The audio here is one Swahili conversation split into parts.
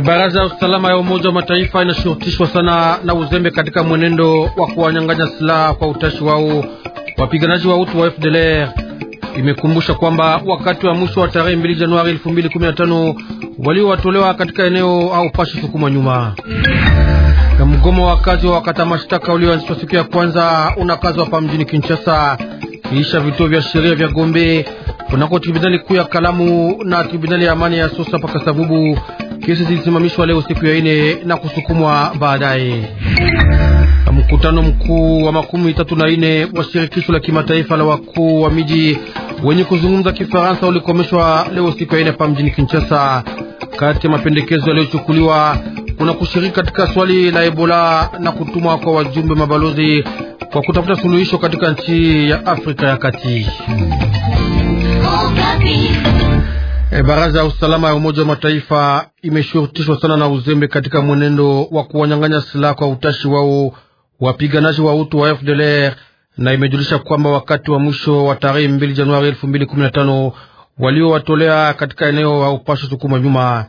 Eh, Baraza ya usalama ya Umoja wa Mataifa inashurutishwa sana na uzembe katika mwenendo wa kuwanyang'anya silaha kwa utashi wao wapiganaji wa utu wa FDLR. Imekumbusha kwamba wakati wa mwisho wa tarehe 2 Januari 2015 waliowatolewa katika eneo au pashi sukuma nyuma. Na mgomo wa kazi wa wakata mashtaka ulioanzishwa siku ya kwanza unakazwa hapa mjini Kinshasa kiisha vituo vya sheria vya Gombe kunako tribunali kuu ya Kalamu na tribunali ya amani ya Sosa pakasabubu kesi zilisimamishwa leo siku ya ine na kusukumwa baadaye. Mkutano mkuu wa makumi tatu na ine wa shirikisho la kimataifa la wakuu wa miji wenye kuzungumza Kifaransa ulikomeshwa leo siku ya ine hapa mjini Kinshasa. Kati ya mapendekezo yaliyochukuliwa kuna kushiriki katika swali la Ebola na kutumwa kwa wajumbe mabalozi kwa kutafuta suluhisho katika nchi ya Afrika ya Kati. Oh, E, baraza ya usalama ya Umoja wa Mataifa imeshurutishwa sana na uzembe katika mwenendo wa kuwanyang'anya silaha kwa utashi wao wapiganaji wa utu wa FDLR na imejulisha kwamba wakati wa mwisho wa tarehe 2 Januari 2015 waliowatolea katika eneo upasho sukuma nyuma.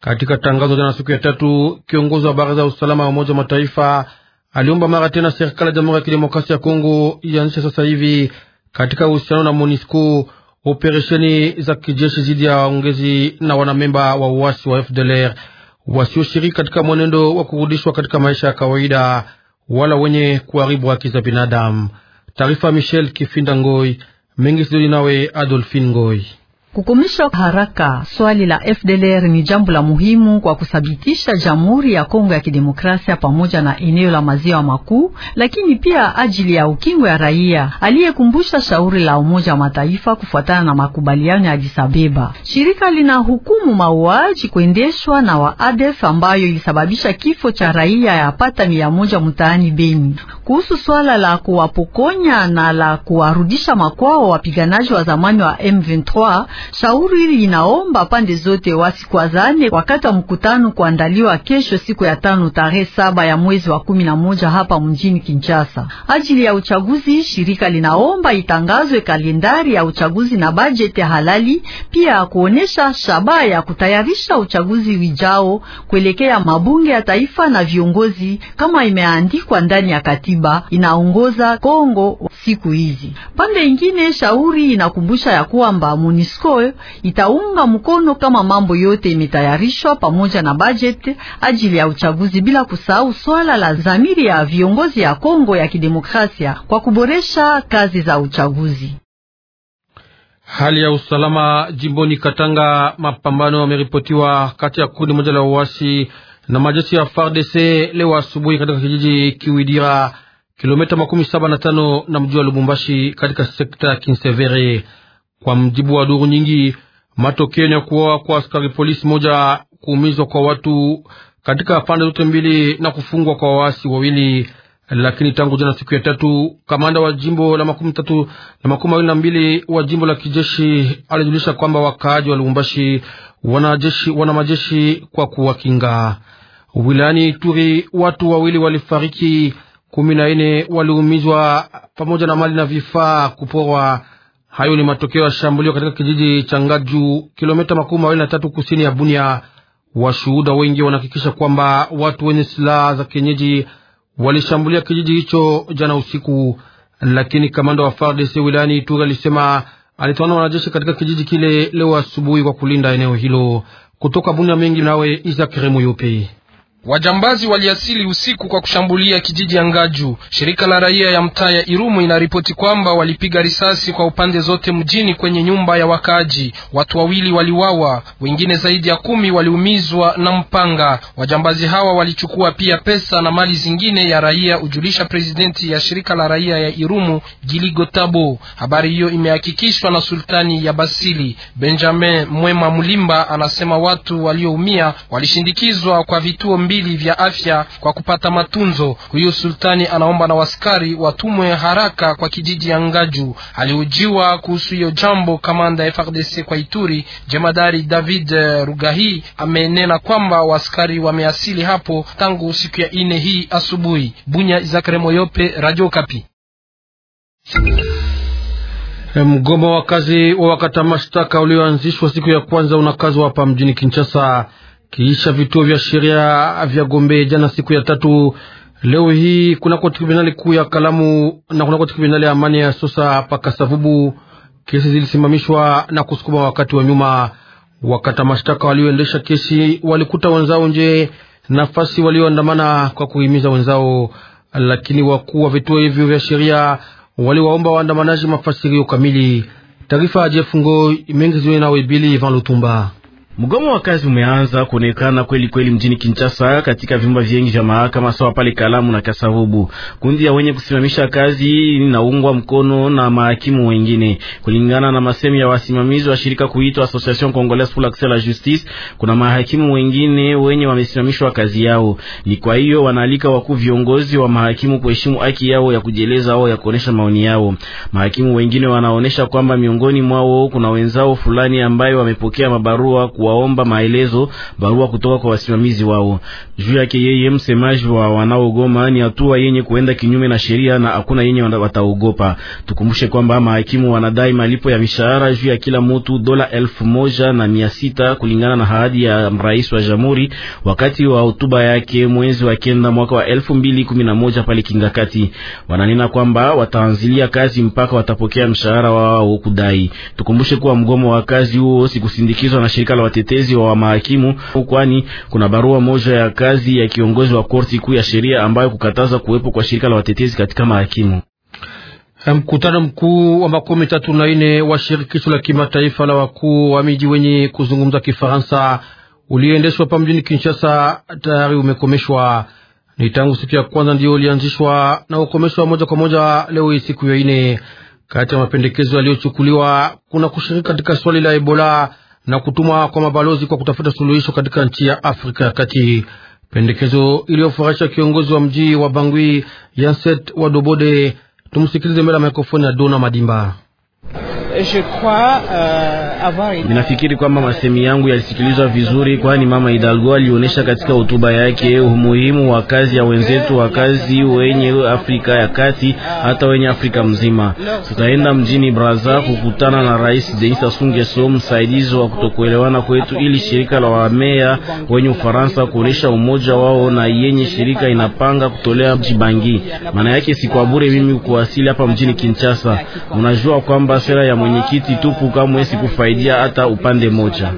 Katika tangazo jana siku ya tatu, kiongozi wa baraza ya usalama ya Umoja wa Mataifa aliomba mara tena serikali ya Jamhuri ya Kidemokrasia ya Kongo ianzishe sasa hivi katika uhusiano na MONUSCO operesheni za kijeshi dhidi ya waongezi na wanamemba wa uasi wa FDLR wasioshiriki katika mwenendo wa kurudishwa katika maisha ya kawaida wala wenye kuharibu haki za binadamu. Taarifa Michel Kifinda Ngoi mengi sidoni nawe Adolphine Ngoi kukomeshwa haraka swali la FDLR ni jambo la muhimu kwa kuthabitisha Jamhuri ya Kongo ya Kidemokrasia pamoja na eneo la maziwa makuu, lakini pia ajili ya ukingo ya raia, aliyekumbusha shauri la Umoja wa Mataifa kufuatana na makubaliano ya Addis Ababa. Shirika hukumu mauaji kuendeshwa na Waadef ambayo ilisababisha kifo cha raia yapata mia moja mtaani Beni. Kuhusu swala la kuwapokonya na la kuwarudisha makwao wapiganaji wa zamani wa M23 Shauri hili linaomba pande zote wasikwazane wakati wa mkutano kuandaliwa kesho siku ya tano tarehe saba ya mwezi wa kumi na moja hapa mjini Kinshasa. Ajili ya uchaguzi, shirika linaomba itangazwe kalendari ya uchaguzi na bajeti halali, pia kuonesha shabaha ya kutayarisha uchaguzi wijao kuelekea mabunge ya taifa na viongozi kama imeandikwa ndani ya katiba inaongoza Kongo siku hizi. Pande ingine, shauri inakumbusha ya kwamba MONUSCO Kongo itaunga mkono kama mambo yote imetayarishwa pamoja na bajeti ajili ya uchaguzi, bila kusahau swala la dhamiri ya viongozi ya Kongo ya kidemokrasia kwa kuboresha kazi za uchaguzi. Hali ya usalama jimboni Katanga, mapambano yameripotiwa kati ya kundi moja la uasi na majeshi ya FARDC leo asubuhi katika kijiji Kiwidira, kilomita makumi saba na tano na mji wa Lubumbashi katika sekta ya Kinsevere. Kwa mjibu wa duru nyingi, matokeo ya kuuawa kwa askari polisi moja, kuumizwa kwa watu katika pande zote mbili na kufungwa kwa waasi wawili. Lakini tangu jana siku ya tatu, kamanda wa jimbo la makumi tatu na makumi mawili na mbili wa jimbo la kijeshi alijulisha kwamba wakaaji wa Lubumbashi wanajeshi wana majeshi kwa kuwakinga. Wilayani Turi watu wawili walifariki, kumi na nne waliumizwa, pamoja na mali na vifaa kuporwa Hayo ni matokeo ya shambulio katika kijiji cha Ngaju, kilomita makumi mawili na tatu kusini ya Bunia. Washuhuda wengi wanahakikisha kwamba watu wenye silaha za kienyeji walishambulia kijiji hicho jana usiku, lakini kamanda wa FARDC wilayani Ituri alisema alitoana wanajeshi katika kijiji kile leo asubuhi kwa kulinda eneo hilo. Kutoka Bunia mengi nawe Isaac Remu yupi? Wajambazi waliasili usiku kwa kushambulia kijiji ya Ngaju. Shirika la raia ya mtaa ya Irumu inaripoti kwamba walipiga risasi kwa upande zote mjini kwenye nyumba ya wakaaji. Watu wawili waliwawa, wengine zaidi ya kumi waliumizwa na mpanga. Wajambazi hawa walichukua pia pesa na mali zingine ya raia, ujulisha presidenti ya shirika la raia ya Irumu Giligotabo. Habari hiyo imehakikishwa na sultani ya Basili. Benjamin Mwema Mlimba anasema watu walioumia walishindikizwa kwa vituo mbili mbili vya afya kwa kupata matunzo. Huyu sultani anaomba na waskari watumwe haraka kwa kijiji ya Ngaju. Alihojiwa kuhusu hiyo jambo, kamanda ya FARDC kwa Ituri jemadari David eh, Rugahi amenena kwamba waskari wameasili hapo tangu siku ya ine hii asubuhi. Bunya Izakare Moyope, Radio Kapi. Mgomo wa kazi wa wakata mashtaka ulioanzishwa siku ya kwanza unakazwa hapa mjini Kinshasa kisha vituo vya sheria vya Gombe jana siku ya tatu leo hii kunako tribunali kuu ya Kalamu na kunako tribunali ya amani ya Sosa Kasavubu, kesi zilisimamishwa na kusukuma wakati wa nyuma. Wakata mashtaka walioendesha kesi walikuta wenzao nje nafasi walioandamana kwa kuhimiza wenzao, lakini wakuu wa vituo hivyo vya sheria waliwaomba waandamanaji mafasirio kamili. Taarifa ya Jefungo mengi ziwe nawe Bili Ivan Lutumba. Mgomo wa kazi umeanza kuonekana kweli kweli mjini Kinshasa katika vyumba vingi vya mahakama sawa pale Kalamu na Kasavubu. Kundi ya wenye kusimamisha kazi linaungwa mkono na mahakimu wengine. Kulingana na masemi ya wasimamizi wa shirika kuitwa Association Congolaise pour l'Accès à la Justice, kuna mahakimu wengine wenye wamesimamishwa kazi yao. Ni kwa hiyo wanaalika wakuu viongozi wa mahakimu kuheshimu haki yao ya kujieleza au ya kuonesha maoni yao. Mahakimu wengine wanaonesha kwamba miongoni mwao kuna wenzao fulani ambayo wamepokea mabarua kuwaomba maelezo barua kutoka kwa wasimamizi wao. Juu yake yeye msemaji wa wanaogoma, ni hatua yenye kuenda kinyume na sheria na hakuna yenye wataogopa. Tukumbushe kwamba mahakimu wanadai malipo ya mishahara juu ya kila mutu dola elfu moja na mia sita kulingana na ahadi ya rais wa jamhuri wakati wa hotuba yake mwezi wa kenda mwaka wa elfu mbili kumi na moja pale Kingakati. Wananena kwamba wataanzilia kazi mpaka watapokea mshahara wao kudai. Tukumbushe kuwa mgomo wa kazi huo sikusindikizwa na shirika la watetezi wa mahakimu, kwani kuna barua moja ya kazi ya kiongozi wa korti kuu ya sheria ambayo kukataza kuwepo kwa shirika la watetezi katika mahakimu. Mkutano mkuu wa makumi tatu na nne wa shirikisho la kimataifa la wakuu wa miji wenye kuzungumza Kifaransa uliendeshwa hapa mjini Kinshasa tayari umekomeshwa. Ni tangu siku ya kwanza ndiyo ulianzishwa na ukomeshwa moja kwa moja leo hii siku ya ine. Kati ya mapendekezo yaliyochukuliwa kuna kushiriki katika swali la Ebola na kutumwa kwa mabalozi kwa kutafuta suluhisho katika nchi ya Afrika ya Kati. Pendekezo iliyofurahisha kiongozi wa mji wa Bangui Yanset wa Dobode. Tumsikilize mbele ya mikrofoni ya Dona Madimba. Euh, Ninafikiri kwamba masemi yangu yalisikilizwa vizuri, kwani Mama Hidalgo alionyesha katika hotuba yake umuhimu wa kazi ya wenzetu, wa kazi wenye Afrika ya Kati, hata wenye Afrika mzima. Tutaenda mjini Brazza kukutana na Rais Denis Sassou Nguesso, msaidizi wa kutokuelewana kwetu, ili shirika la wamea wenye Ufaransa kuonyesha umoja wao na yenye shirika inapanga kutolea mjibangi. Maana yake si kwa bure mimi kuwasili hapa mjini Kinshasa. Unajua kwamba sera ya mwenyekiti tupu kamwe sikufaidia hata upande moja.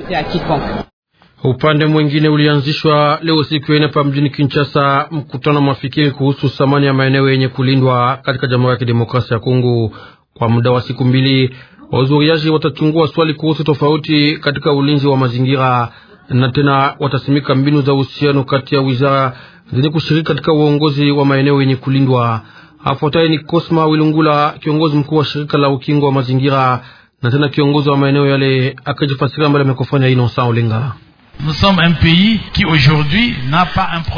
Upande mwingine ulianzishwa leo siku ya ine pa mjini Kinshasa mkutano mafikiri kuhusu thamani ya maeneo yenye kulindwa katika Jamhuri ya Kidemokrasia ya Kongo. Kwa muda wa siku mbili, wazuriaji watachungua swali kuhusu tofauti katika ulinzi wa mazingira na tena watasimika mbinu za uhusiano kati ya wizara zenye kushiriki katika uongozi wa maeneo yenye kulindwa. Afuataye ni Kosma Wilungula, kiongozi mkuu wa shirika la ukingo wa mazingira na tena kiongozi wa maeneo yale, akijifasiria mbele ya mikrofoni ya Inosa Olenga.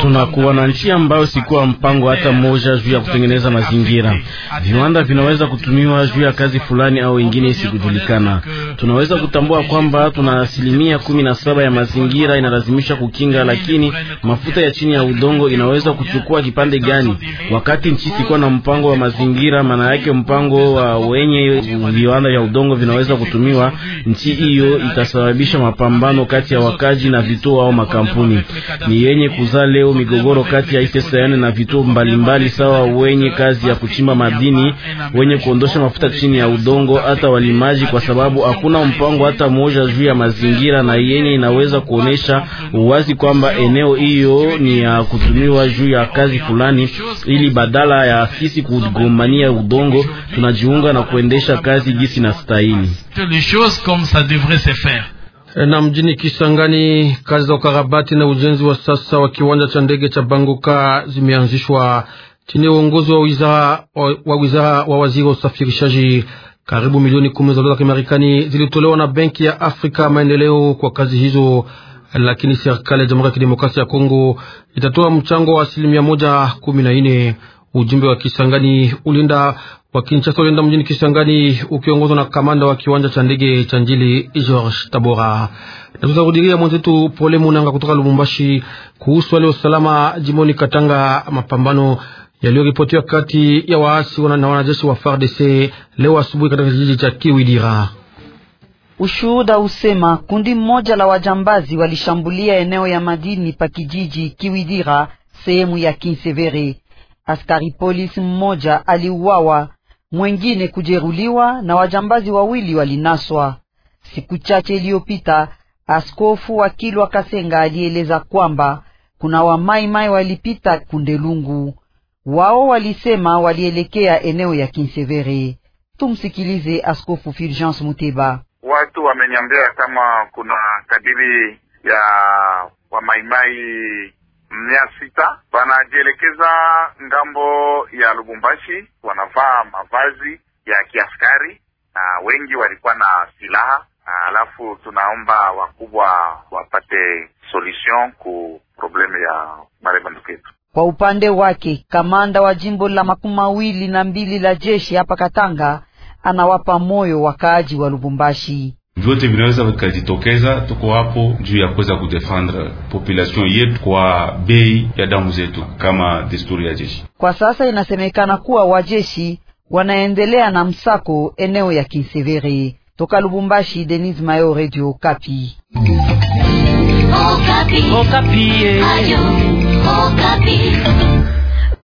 Tunakuwa na nchi ambayo sikuwa mpango hata mmoja juu ya kutengeneza mazingira. Viwanda vinaweza kutumiwa juu ya kazi fulani au wengine isikujulikana. Tunaweza kutambua kwamba tuna asilimia kumi na saba ya mazingira inalazimisha kukinga, lakini mafuta ya chini ya udongo inaweza kuchukua kipande gani? Wakati nchi sikuwa na mpango wa mazingira, maana yake mpango wa wenye viwanda vya udongo vinaweza kutumiwa, nchi hiyo itasababisha mapambano kati ya wakaji na vituo au makampuni. Ni yenye kuzaa leo migogoro kati ya ITSN na vituo mbalimbali, sawa wenye kazi ya kuchimba madini, wenye kuondosha mafuta chini ya udongo, hata walimaji, kwa sababu hakuna mpango hata mmoja juu ya mazingira na yenye inaweza kuonesha uwazi kwamba eneo hiyo ni ya kutumiwa juu ya kazi fulani, ili badala ya sisi kugombania udongo tunajiunga na kuendesha kazi gisi na stahili na mjini Kisangani kazi za ukarabati na ujenzi wa sasa wa kiwanja cha ndege cha Bangoka zimeanzishwa chini uongozi wa wizara wa, wizara wa waziri wa usafirishaji. Karibu milioni kumi za dola za Kimarekani zilitolewa na Benki ya Afrika maendeleo kwa kazi hizo, lakini serikali ya Jamhuri ya Kidemokrasia ya Kongo itatoa mchango wa asilimia moja kumi na nne. Ujumbe wa Kisangani ulinda wa Kinshasa ulienda mjini Kisangani ukiongozwa na kamanda wa kiwanja cha ndege cha Njili George Tabora. Na tutarudilia mwenzetu Pole Munanga kutoka Lubumbashi kuhusu hali ya usalama jimboni Katanga, mapambano yaliyoripotiwa kati ya waasi na wanajeshi wa FARDC leo asubuhi katika kijiji cha Kiwidira. Ushuhuda usema kundi mmoja la wajambazi walishambulia eneo ya madini pa kijiji Kiwidira, sehemu ya Kinsevere. Askari polisi mmoja aliuawa, mwengine kujeruliwa na wajambazi wawili walinaswa. Siku chache iliyopita, askofu wa Kilwa Kasenga alieleza kwamba kuna wamaimai walipita Kundelungu. Wao walisema walielekea eneo ya Kinsevere. Tumsikilize Askofu Fulgence Muteba. Watu wameniambia kama kuna kadiri ya wamaimai sita wanajielekeza ngambo ya Lubumbashi, wanavaa mavazi ya kiaskari na wengi walikuwa na silaha. Alafu tunaomba wakubwa wapate solution ku probleme ya wale banduku Kwa upande wake kamanda wa jimbo la makumi mawili na mbili la jeshi hapa Katanga anawapa moyo wakaaji wa Lubumbashi vyote vinaweza vikajitokeza. Tuko hapo juu ya kuweza kudefendre population yetu kwa bei ya damu zetu kama desturi ya jeshi. Kwa sasa inasemekana kuwa wajeshi wanaendelea na msako eneo ya Kinsevere. Toka Lubumbashi, Denis Mayo, Radio Kapi. Okapi. Okapi. Okapi. Eh.